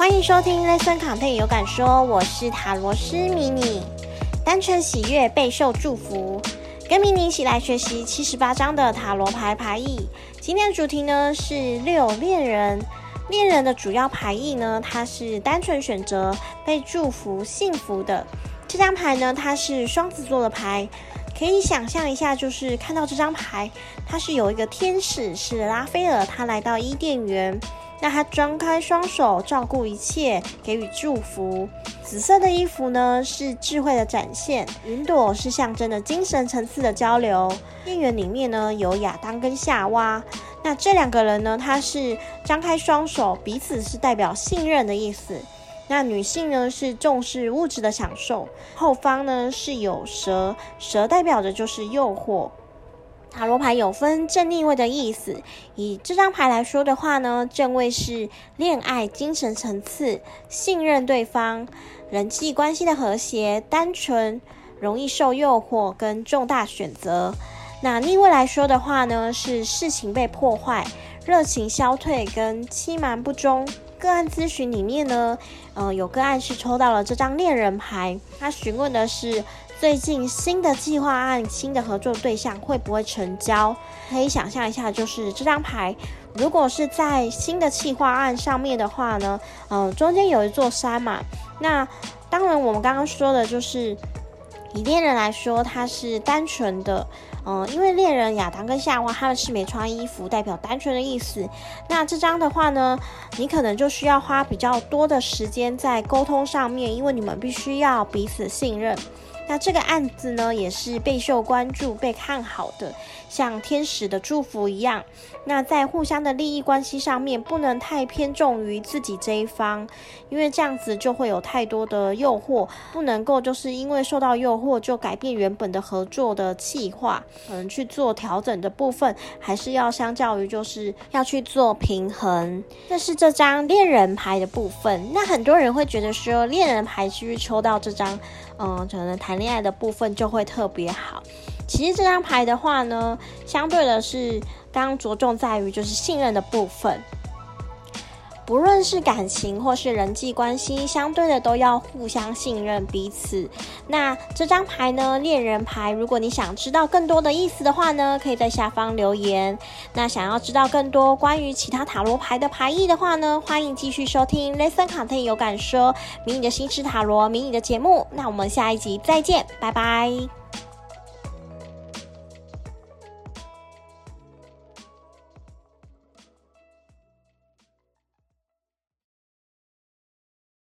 歡迎收聽《ListenContent 有感說》，我是塔羅師迷你，單純喜悅，備受祝福。跟迷你一起來學習七十八張的塔羅牌牌意。今天的主題呢是六戀人，戀人的主要牌意呢，它是單純選擇被祝福、幸福的。這張牌呢，它是雙子座的牌。可以想象一下，就是看到這張牌，它是有一個天使，是拉斐爾，他來到伊甸園。那他張開雙手，照顧一切，給予祝福。紫色的衣服呢，是智慧的展現。雲朵是象徵著精神層次的交流。伊甸園裡面呢，有亞當跟夏娃。那這兩個人呢，他是張開雙手，彼此是代表信任的意思。那女性呢，是重視物質的享受。後方呢，是有蛇，蛇代表的就是誘惑。塔羅牌有分正逆位的意思，以這張牌來說的話呢，正位是戀愛、精神層次、信任對方、人際關係的和諧、單純、容易受誘惑跟重大選擇；那逆位來說的話呢，是事情被破壞、熱情消退跟欺瞞不忠。個案諮詢裡面呢，嗯、呃，有個案是抽到了這張戀人牌，他詢問的是最近新的計劃案、新的合作對象會不會成交？可以想象一下，就是這張牌如果是在新的計劃案上面的話呢，嗯、呃，中間有一座山嘛，那當然我們剛剛說的就是。以戀人來說，他是單純的，嗯，因為戀人亞當跟夏娃他們是沒穿衣服，代表單純的意思。那這張的話呢，你可能就需要花比較多的時間在溝通上面，因為你們必須要彼此信任。那這個案子呢，也是備受關注、被看好的，像天使的祝福一樣。那在互相的利益關係上面，不能太偏重於自己這一方，因為這樣子就會有太多的誘惑，不能夠就是因為受到誘惑就改變原本的合作的計劃，可能、嗯、去做調整的部分，還是要相較於就是要去做平衡。這是這張戀人牌的部分。那很多人會覺得說，戀人牌是不是抽到這張。嗯，可能談戀愛的部分就會特別好。其實這張牌的話呢，相對的是剛着重在於就是信任的部分。不論是感情或是人際關係，相對的都要互相信任彼此。那這張牌呢，戀人牌。如果你想知道更多的意思的話呢，可以在下方留言。那想要知道更多關於其他塔羅牌的牌意的話呢，歡迎繼續收聽 ListenContent 有感說迷你的心之塔羅迷你的節目。那我們下一集再見，拜拜。